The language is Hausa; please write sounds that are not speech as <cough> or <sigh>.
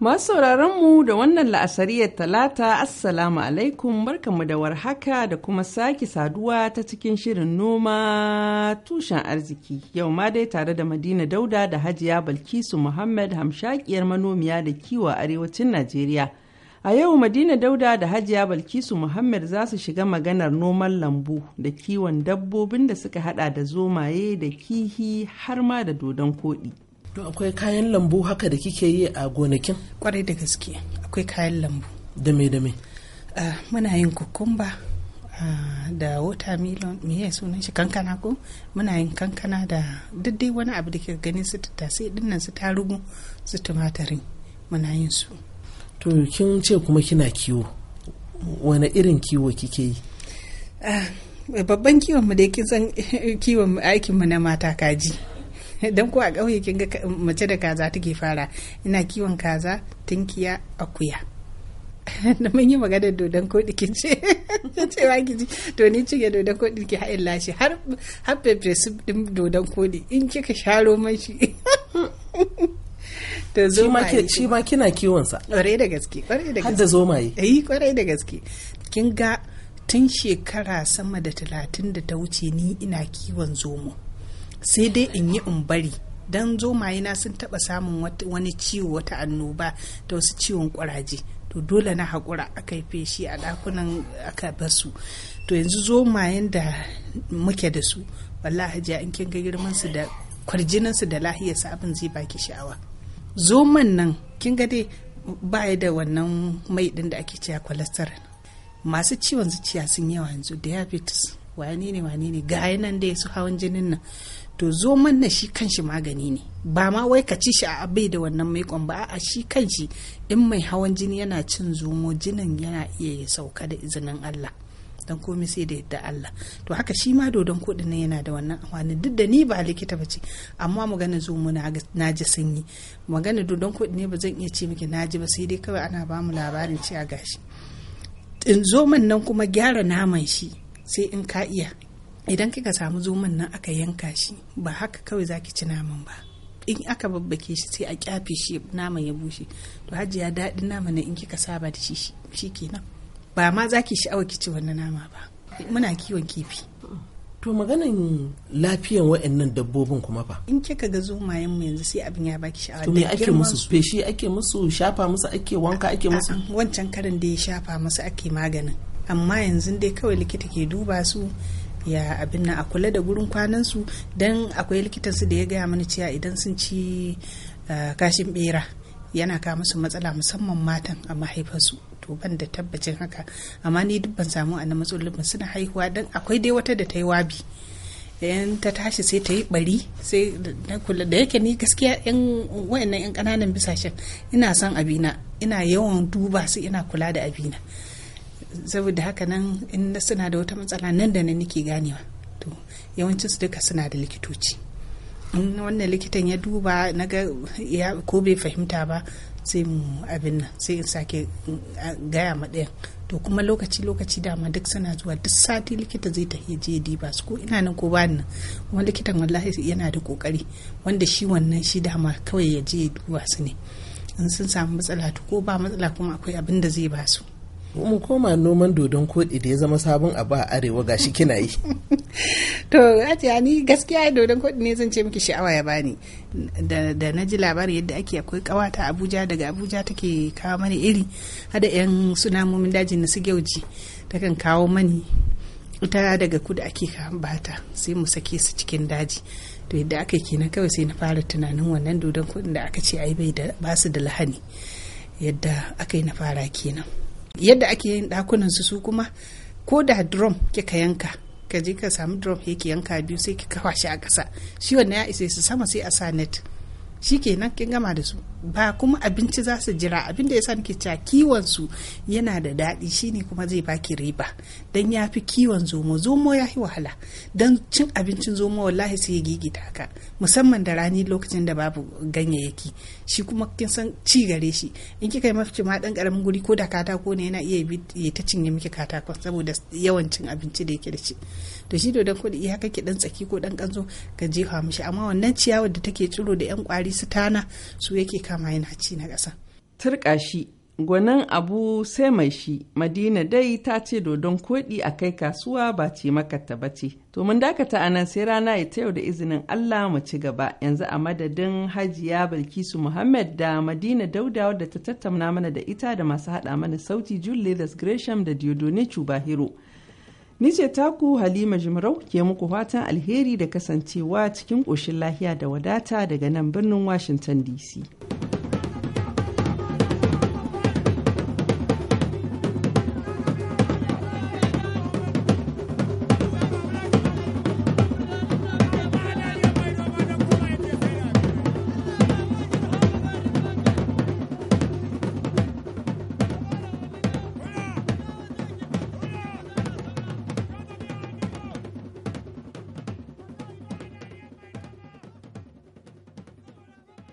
Masu sauraron mu da wannan la'asariyar talata assalamu alaikum barkamu da warhaka da kuma sake saduwa ta cikin shirin noma tushen arziki yau ma dai tare da madina dauda da hajiya balkisu muhammad hamshakiyar manomiya da kiwo arewacin najeriya a yau madina dauda da hajiya balkisu muhammad za su shiga maganar noman lambu da kiwon dabbobin da suka hada da zomaye da kihi har ma da dodon koɗi. to akwai kayan lambu haka da kike yi a gonakin kwarai da gaske akwai kayan lambu da me da me ah, muna yin kukumba ah, da wata milon me ya sunan shi kankana ko muna yin kankana da duk wani abu da ke ganin su tattasai dinnan su tarugu su tumatari muna yin su to kin ce kuma kina kiwo wani irin kiwo kike yi ah, babban kiwon mu da <laughs> kiwon aikin mu na mata kaji <laughs> dan ko a ƙauye kin ga mace da kaza take fara ina kiwon kaza tunkiya akuya <laughs> da mun yi maganar dodon koɗi kin ce <laughs> cewa ki ji to ni cike dodon koɗi ki haɗin lashe har har pepe su ɗin dodon koɗi in kika sharo mashi da zomaye shi ma kina kiwon sa kwarai da gaske ƙwarai da gaske har da zomaye eh kwarai da gaske kin ga tun shekara sama da talatin da ta wuce ni ina kiwon zomo sai dai in yi in bari don zomaye na sun taba samun wani ciwo wata annoba ta wasu ciwon kuraje to dole na haƙura aka yi feshi a ɗakunan aka basu to yanzu zomaye da muke da su wallahi Hajiya in kin ga girman su da kwarjinan su da lahiyar su abin zai baki sha'awa zoman nan kin ga dai baya da wannan mai din da ake cewa cholesterol masu ciwon zuciya sun yawa yanzu diabetes wani ne wani ne ga nan dai su hawan jinin nan to zo na shi kanshi magani ne ba ma wai ka ci shi a bai da wannan mai ba a shi kanshi in mai hawan jini yana cin zomo jinin yana iya ya sauka da izinin Allah dan komai sai da yadda Allah to haka shi ma dodon kudin ne yana da wannan amfani duk da ni ba likita ba ce amma gane zomo na ji sanyi gane dodon kuɗi ne ba zan iya ce miki na ba sai dai kawai ana ba mu labarin ci a gashi in zoman nan kuma gyara naman shi sai in ka iya idan kika samu zoman nan aka yanka shi ba haka kawai zaki ci naman ba in aka babbake shi sai a kyafe shi naman ya bushe to hajiya daɗin naman nan in kika saba da shi shi kenan ba ma zaki sha'awar ki ci wannan nama ba muna kiwon kifi to maganin lafiyan wa'annan dabbobin kuma fa in kika ga zomayen mu yanzu sai abin ya baki sha'awa to me ake musu feshi ake musu shafa musu ake wanka ake musu wancan karin da ya shafa musu ake maganin amma yanzu dai kawai likita ke duba su ya abin nan a kula da gurin kwanan su dan akwai likitan su da ya gaya mana cewa idan sun ci ah, kashin bera yana kawo musu matsala musamman matan a mahaifarsu to ban da tabbacin haka amma ni duk ban samu a matsalolin suna haihuwa dan akwai dai wata da ta yi wabi yan ta tashi sai ta yi bari sai na kula da yake ni gaskiya yan wayannan yan kananan bisashen ina son abina ina yawan duba su ina kula da abina saboda haka nan in suna da wata matsala nan da nan nake ganewa to yawancinsu duka suna da likitoci in wannan likitan ya duba na ga ya ko bai fahimta ba sai mu abin nan sai in sake gaya ma ɗayan to kuma lokaci lokaci dama duk suna zuwa duk sati likita zai tafi je ba su ko ina nan ko ba nan kuma likitan wallahi yana da kokari wanda shi wannan shi dama kawai ya je duba su ne in sun samu matsala to ko ba matsala kuma akwai abin da zai ba su mu koma noman dodon koɗi da ya zama sabon abu a arewa ga shi kina yi <laughs> to ajiya ni gaskiya dodon koɗi ne zan ce miki sha'awa ya bani da na ji labarin yadda ake akwai kawata abuja daga abuja take kawo mani iri hada yan sunamomin daji na su gyauji takan kawo mani ita daga kudu ake bata sai mu sake su cikin daji to yadda aka kenan kawai sai na fara tunanin wannan dodon kuɗin da aka ce ai bai da basu da lahani yadda aka yi na fara kenan yadda ake yin ɗakunan su su kuma ko da drum kika yanka ka je ka samu drum yake yanka biyu sai ki kafa a ƙasa shi wannan ya isa su sama sai a sa net shi ke nan kin gama da su ba kuma abinci za su jira abin da ya yasa nake cewa kiwon su yana da daɗi shine kuma zai baki riba dan ya fi kiwon zomo zomo ya yi wahala dan cin abincin zomo wallahi sai ya gigita ka musamman da rani lokacin da babu ganyayyaki shi kuma kin san ci gare shi in kika yi mafi ma dan karamin guri ko da katako ne yana iya ya ta cinye miki katako saboda yawan cin abinci da yake da shi to shi dodon kuɗi ya kake dan tsaki ko dan kanzo ka jefa mishi amma wannan ciyawar da take tsiro da yan kwari kori su tana su yake kama yana ci na ƙasa. shi gwanin abu sai mai shi madina dai ta ce dodon koɗi a kai kasuwa ba ce makata ba ce to mun dakata a nan sai rana ya ta yau da izinin allah mu ci gaba yanzu a madadin hajiya bilkisu muhammad da madina dauda wadda ta tattauna mana da ita da masu haɗa mana sauti julius gresham da diodone bahiro. Ni taku Halima Jimarau ke muku fatan alheri da kasancewa cikin ƙoshin lahiya da wadata daga nan birnin Washington DC.